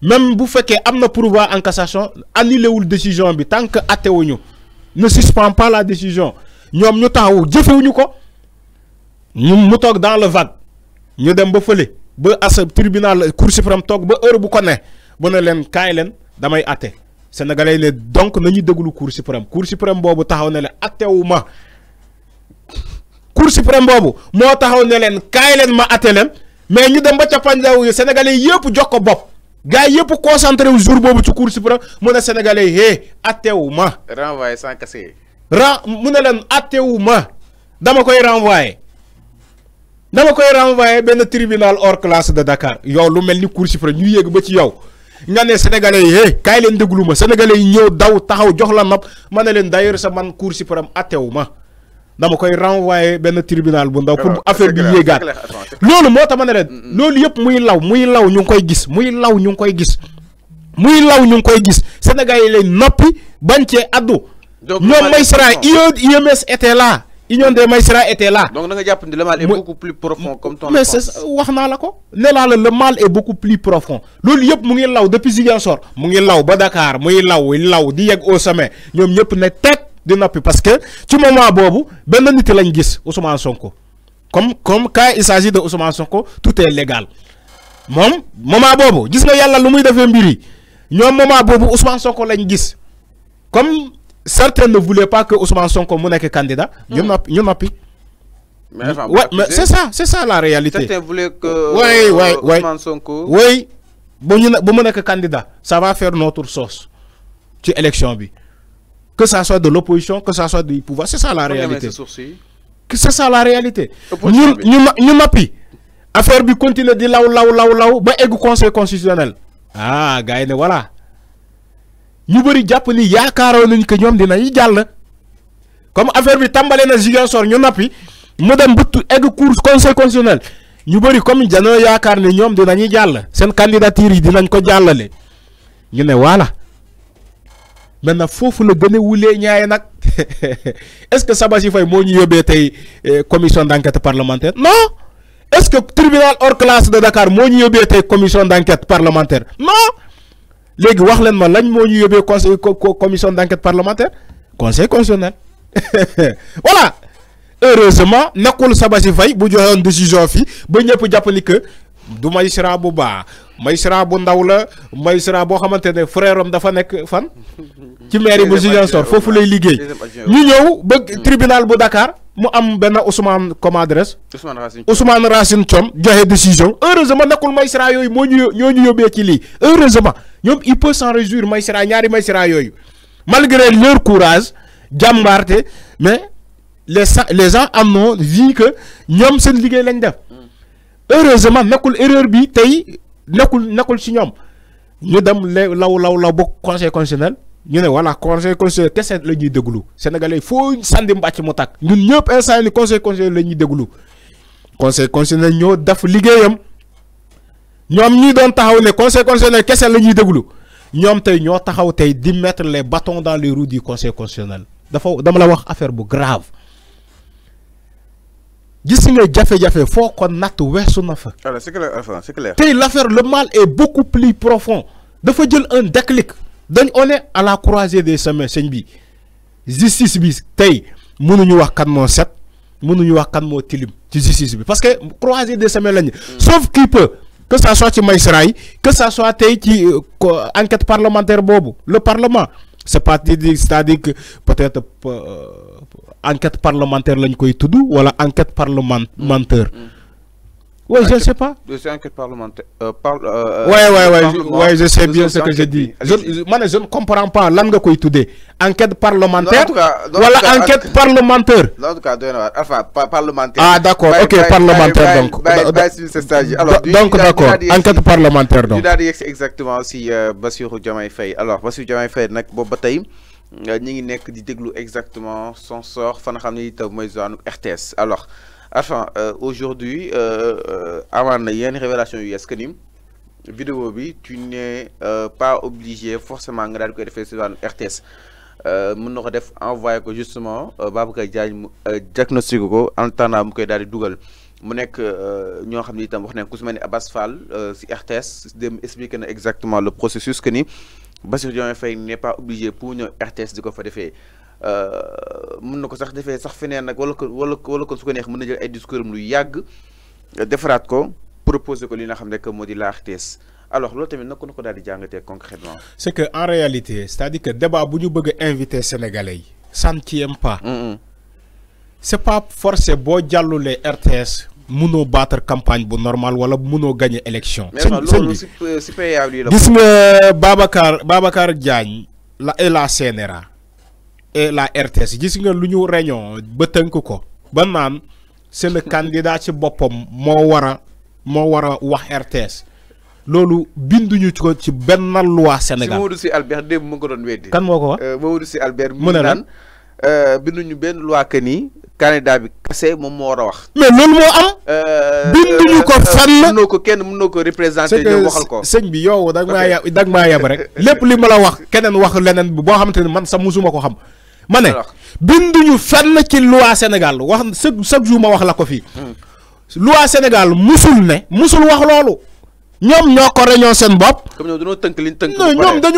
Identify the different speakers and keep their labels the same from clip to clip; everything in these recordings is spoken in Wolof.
Speaker 1: même si vous un pouvoir en cassation ou la décision tant que ne suspend pas la décision nous ñu un peu ko quoi mu dans le vague ñu dem ba fële ba tribunal cour suprême nous ba bu ne damay sénégalais donc nous cour suprême cour suprême taxaw ma cour suprême bobu mo taxaw ne leen ma mais ñu dem ba sénégalais jox gars yëpp concentré wu jour boobu ci cour suprême mu ne sénégalais yi hé eh, attewu ma.
Speaker 2: renvoyé sans casser.
Speaker 1: ren mu ne leen attewu ma dama koy renvoyé dama koy renvoyé benn tribunal or classe de Dakar yow lu mel ni cour suprême ñu yéeg ba ci yow. nga ne sénégalais yi hé eh, kaay leen déglu ma sénégalais yi ñëw daw taxaw jox la nopp ma ne leen d'ailleurs sa man cour suprême attewu ma. dama koy renvoyer tribunal bu ndaw pour affaire bi yéegaat lolu moo tax ma ne leen muy law muy law ñu koy gis muy law ñu koy gis muy law ñu koy gis Sénégal yi lay nopi bañ cee addu ñom magistrat iems était là union des magistrats était là donc da nga japp ni le mal est beaucoup plus profond comme ton mais c'est wax naa la ko ne la le mal est beaucoup plus profond lolu yëpp mu ngi law depuis Ziguinchor mu ngi law ba Dakar muy law law di yegg au sommet ñom ñëpp ne di nopi parce que ci moment bobu ben nit lañ gis Ousmane Sonko comme comme quand il s'agit de Ousmane Sonko tout est légal mom moment bobu gis nga yalla lu muy defee mbir yi ñoom moment bobu Ousmane Sonko lañ gis comme certains ne voulaient pas que Ousmane Sonko mu nekk candidat. ñu hmm. nopi ñu noppi.
Speaker 2: mais c'est ça
Speaker 1: c'est ça la réalité. certains
Speaker 2: voulaient que euh, Ousmane
Speaker 1: Sonko. oui bu bon, bu que candidat ça va faire notre sauce ci élection bi que ça soit de l'opposition, que ça soit du pouvoir. C'est ça la réalité.
Speaker 2: C'est
Speaker 1: ça la réalité. Nous mapi. Affaire bi continue di law law law law ba conseil constitutionnel. Ah gars nous voilà. ñu pas nous ni nous Nous que ñoom de comme affaire bi na nous ñu nous mu dem cour conseil constitutionnel ñu dit comme nous Nous nous de nous candidature yi dinañ ko Nous maintenant il la le wulé nak est-ce que Sabasy fay mo ñu yobé eh, commission d'enquête parlementaire non est-ce que tribunal hors classe de Dakar mo ñu commission d'enquête parlementaire non légui wax leen ma lañ mo ñu conseil commission d'enquête parlementaire conseil constitutionnel voilà heureusement nakul Sabasy fay bu joxone décision fi ba ñëpp pour ni que du magistrat bu magistrat bu ndaw la magistrat boo xamante ne frère dafa nekk fan.
Speaker 2: ci mairie bu Ziguinchor foofu lay liggéey.
Speaker 1: ñu ñëw ba tribunal bu Dakar mu am benn Ousmane comme adresse. Ousmane Racine Ousmane Racine Thiam joxe décision heureusement nekkul magistrat yooyu moo ñu ñoo ñu yóbbee ci lii heureusement ñoom il peut s'en réjouir magistrat ñaari magistrat yooyu malgré leur courage jàmbaarte mais les les gens am na vu que ñoom seen liggéey lañ def mm. heureusement nekkul erreur bi tey. nakul nakul ci ñom ñu dem law law law ba conseil constitutionnel ñu ne voilà conseil constitutionnel kese lañuy ñuy déglu sénégalais foo sandi mbàcc mu tak ñun ñëpp instant ni conseil constitutionnel lañuy ñuy déglu conseil constitutionnel ñoo daf ligéyam ñom ñi doon taxaw ne conseil constitutionnel kese lañuy ñuy déglu ñoom tey ñoo taxaw tay di mettre les bâtons dans les roues du conseil constitutionnel dafa dama la wax affaire bu grave gis nga jafé jafé foo ko natt weesu na fa.
Speaker 2: voilà c'est clair c'est clair. tay
Speaker 1: l'affaire le mal est beaucoup plus profond dafa jël un déclic dañ on est à la croisée des chemins sëñ bi justice bi tey ñu wax kan mo set ñu wax kan mo tilim ci justice bi parce que croisée des chemins lañu. Mm. sauf qui peut que ça soit ci magistrat que ça soit tay ci euh, enquête parlementaire bobu le parlement c'est pas c'est-à-dire que peut-être. Euh, enquête parlementaire lañ koy tudd wala enquête parlementaire. Oui, je ne sais pas.
Speaker 2: C'est enquête parlementaire. Euh, parle, euh, ouais, ouais, ouais, ouais, je sais bien ce que j'ai
Speaker 1: dit. Je, je, je ne comprends pas. L'angle quoi tuddé Enquête parlementaire. voilà, enquête parlementaire.
Speaker 2: En tout cas, enfin, parlementaire. Ah, d'accord, ok, parlementaire donc. donc, d'accord, enquête parlementaire donc. exactement si Bassirou Diamay Faye. Alors, Bassirou Diamay Faye, nak, bo bataille. Euh, ñi ngi nekk di déglu exactement son sort fa nga xam ne itam mooy RTS alors enfin euh, aujourd'hui avant na yenn révélation yu ce que ni vidéo bi tu n'es euh, pas obligé forcément nga daal di koy defee si zoanu RTS mën na ko def envoyé ko justement Babacar Diagne mu diagnostique ko en attendant mu koy daal di dugal mu nekk ñoo xam ne itam wax ku Abbas Fall si RTS dem expliquer na exactement le processus que ni. Bassir Diomaye Faye n'est pas obligé pour une RTS de ko fa defee euh, mën na ko sax defee sax feneen nag wala ko wala wala kon su ko neex mën na jël ay discours lu yàgg defaraat ko proposer ko li xam la RTS alors l'autre tamit nag ku na
Speaker 1: ko daal di concrètement c'est que en réalité c'est-à-dire que débat bu ñu bëgg invité sénégalais yi. ça ne tient pas. c'est pas forcé boo les RTS. mënoo battre campagne bu normal wala mënoo gagné élection. sëñ sëñ bi
Speaker 2: gis nga
Speaker 1: Babacar Babacar Diagne la et la CNRA et la RTS gis nga lu ñu réunion ba tënk ko ba naan seen candidat ci boppam moo war a moo war a wax RTS loolu binduñu ci ko ci benn loi Sénégal. si
Speaker 2: Mamadou Sy Albert démb mu ko doon weddi. kan moo ko wax euh, Mamadou Sy Albert. mu ne lan euh, binduñu benn loi que candidat bi kese moom moo war wax.
Speaker 1: mais loolu moo am. Euh, binduñu ko euh, fenn. Euh, mënoo ko kenn mënoo ko représenté ñoom waxal ko. sëñ bi yow dag maa yab dag maa yab rek lépp li ma la wax keneen wax leneen boo xamante ne man sax musuma ko xam. ma ne binduñu fenn ci loi Sénégal wax chaque chaque jour ma wax la ko fii. Hmm. loi Sénégal musul ne. musul wax loolu. ñoom ñoo ko réñoo seen bopp. comme
Speaker 2: ñoom dañoo tënk li ñu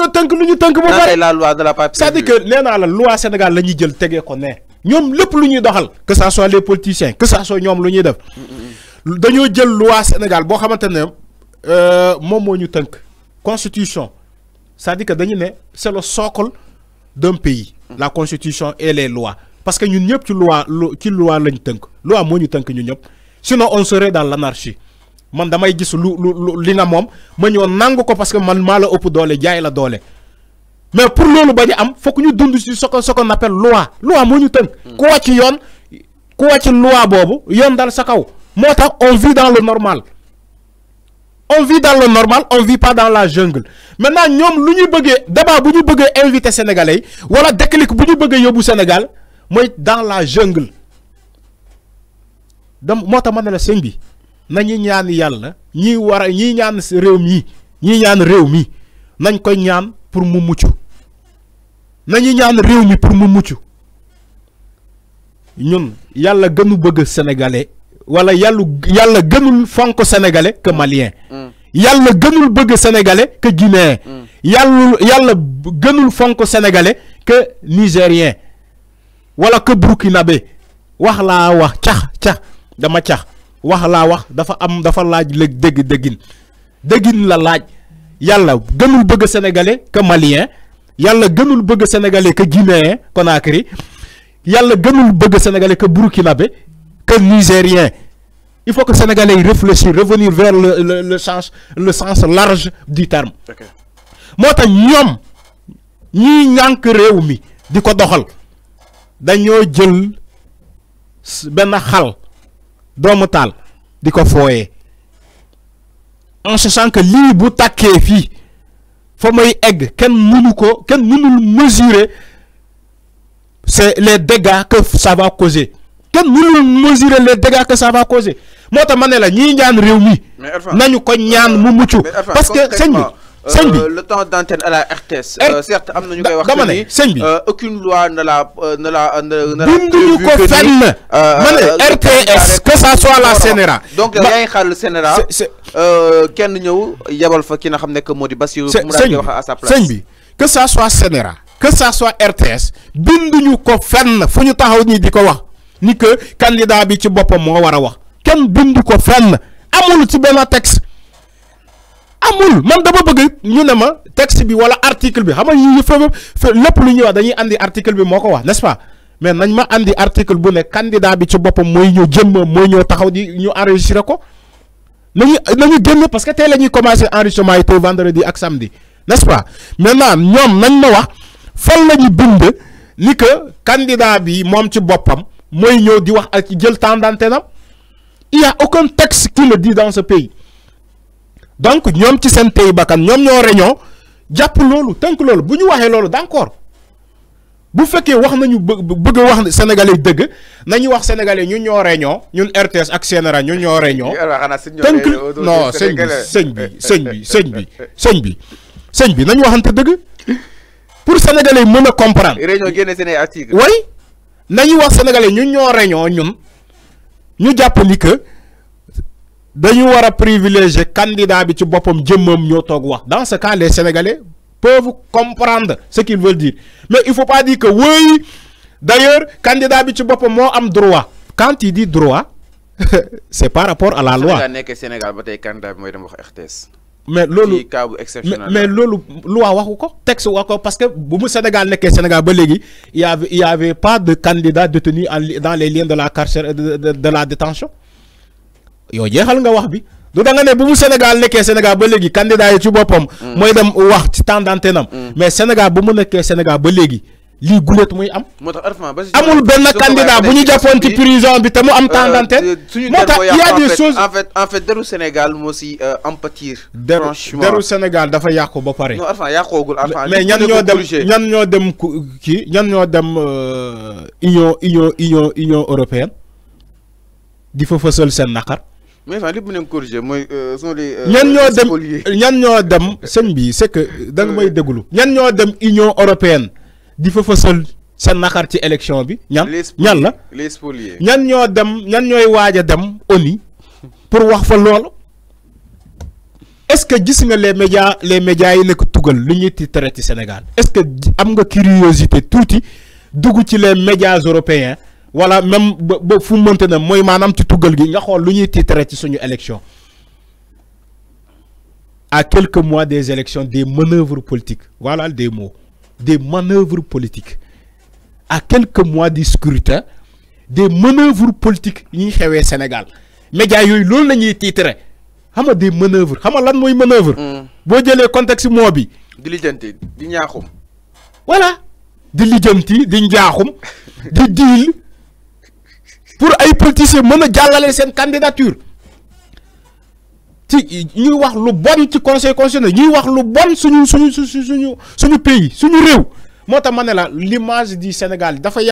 Speaker 1: tënk. lu ñu tënk. ba pare la loi que nee naa la loi Sénégal la ñuy jël tegee ko nee ñom lepp lu ñuy doxal que ça soit les politiciens que ça soit ñom lu ñuy def dañu jël loi Sénégal bo xamante euh mom moo ñu tënk constitution ça dit que dañu né c'est le socle d'un pays la constitution et les lois parce que ñun ñëpp ci loi ci loi lañ tënk loi moo ñu tënk ñun ñëpp sinon on serait dans l'anarchie man damay gis lu lu li nga moom ma ñoo nang ko parce que man mala la doole jaay la doole mais pour nous bañ am fokk ñu dund ci ce soko qu'on appelle loi loi mo ñu teñ hmm. ku wàcc yoon ku wàcc loi bobu yoon dal sa kaw motax on vit dans le normal on vit dans le normal on vit pas dans la jungle maintenant ñom lu ñu bëggee débat bu ñu bëggee invité sénégalais wala déclic bu ñu bëggee yobu Sénégal moy dans la jungle donc motax tax ma la sëñ bi nañu ñaan yalla ñi war ñi ñaan réew mi ñi ñaan réew mi nañ koy ñaan pour mu muccu nañu ñaan réew mi pour mu mucc ñun yàlla gënu bëgg sénégalais wala yàllu yàlla gënul fonk sénégalais que malien mm. yàlla gënul bëgg sénégalais que guinéen mm. yàllu yàlla gënul fonk sénégalais que nigérien wala ka burkinabé wax laa wax cax cax dama cax wax laa wax dafa am dafa laaj léeg dégg déggin déggin la laaj yàlla gënul bëgg sénégalais que malien le gënul bëgg sénégalais que guinéen Conakry yalla gënul bëgg sénégalais que burkinabé que nigérien il faut que sénégalais réfléchissent... revenir vers le sens le sens large du terme. moo ñom ñoom ñank ñànk diko doxal jël ben xal doomu taal diko foyé en en sachant que qui bu fa may egg ken mënu ko ken mënul mesurer c'est les dégâts que ça va causer ken mënul mesurer les dégâts que ça va causer moo tax ma la ñiy ñaan réew mi nañu ko ñaan mu muccu parce que seigne euh, sëñ bi
Speaker 2: le temps d'antenne à la RTS. Eh, euh, certes am ñu koy wax. Euh, aucune loi ne la ne la ne binduñu ko que ma Mané, RTS que ça soit la CNRA. donc yaay xaar le CNRA. kenn ñëw yebal fa ki nga xam ne que moo di Bassirou. mu daal wax à sa place sëñ bi
Speaker 1: que ça soit CNRA. que ça soit RTS ñu ko fenn fu ñu taxaw ñi diko wax ni que candidat bi ci bopam mo wara wax kenn bindu ko fenn amul ci benn texte amul man dama bëgg ñu ne ma texte bi wala article bi xam nga yii fa lépp lu ñu wax dañuy andi article bi moko wax n'est-ce pas mais nañ ma andi article bu ne candidat bi ci bopam moy ñëw jëm moy ñëw taxaw di ñu enregistrer ko nañu nañu parce que té lañuy commencer enregistrement yi pour vendredi ak samedi n'est-ce pas maintenant ñom nañ ma wax fa la ñu bind ni que candidat bi mom ci bopam moy ñeu di wax ak jël temps d'antenne il y a aucun texte qui le dit dans ce pays. donc ñoom ci seen tey bàkkan ñoom ñoo réñoo jàpp loolu tënk loolu bu ñu waxee loolu d'accord bu fekkee wax nañu bëgg a wax sénégalais dëgg nañu wax sénégalais ñun ñoo réñoo ñun RTS ak CNRA ñun ñoo réñoo tënk non sëñ bi sëñ bi sëñ bi sëñ bi sëñ bi sëñ bi nañu waxante dëgg pour sénégalais mën a comprendre way nañu wax sénégalais ñun ñoo réñoo ñun ñu jàpp ni que dañu wara privilégier candidat bi ci bopam jëmmam ñoo tok wax dans ce cas les sénégalais peuvent comprendre ce qu'ils veulent dire mais il faut pas dire que oui d'ailleurs candidat bi ci bopam mo am droit quand il dit droit c'est par rapport à la loi
Speaker 2: Sénégal candidat dem wax RTS
Speaker 1: mais lolu mais loolu loi waxuko texte waxuko parce que bu mu Sénégal nekkee Sénégal ba légui il y avait il y avait pas de candidat détenu dans les liens de la carcère de la détention yow jeexal nga wax bi du da nga ne bu mu Sénégal nekkee Sénégal ba léegi candidat yi ci boppam. Mm. mooy dem wax ci temps d'antenne mm. mais Sénégal bu mu nekkee Sénégal ba léegi lii guléet muy am. moo
Speaker 2: tax amul benn candidat bu ñu jàppoon ci prison bi te mu am temps euh, d'antenne. Euh, moo tax il y a des choses en fait en fait deru Sénégal moo si euh, empatir.
Speaker 1: franchement dafa yàqu ba pare. non
Speaker 2: Arfan yàqoogul Arfan mais ñan ñoo dem ñan
Speaker 1: ñoo dem kii ñan ñoo dem union union union union européenne di fa fësal seen naqar.
Speaker 2: mais fan li mu corriger mooy euh, sont les. Euh, ñan ñoo dem
Speaker 1: ñan ñoo dem sëñ bi c'est que da nga may euh, déglu. ñan ñoo dem Union européenne di fa ça, sa naqar ci élection bi. ñan ñan la les spoliés ñan ñoo dem ñan ñooy waaj dem ONU pour wax fa est-ce que gis nga les médias les médias yi nekk tugal lu ñuy titre ci Sénégal est-ce que am nga curiosité touti d'où ci les médias européens. Voilà, même ba ba fu mënte ne mooy maanaam ci tougal gi nga xol luñuy titrer ci suñu élection à quelques mois des élections des manœuvres politiques voilà des mots des manœuvres politiques à quelques mois du scrutin des manœuvres politiques yi ñuy xewee Sénégal médias yoy lool lañuy titrer xam nga des manœuvres xam nga lan moy manœuvre. Mm. bo le contexte mo bi. di lijjanti di ñaaxum. voilà di lijeenti di njaaxum di diil. pour ay politiciens mën a jàllale seen candidature ci ñuy wax lu bon ci conseil nag ñuy wax lu bon suñu suñu suñu suñu suñu pays suñu réew moo tax ma ne la l'image du Sénégal dafa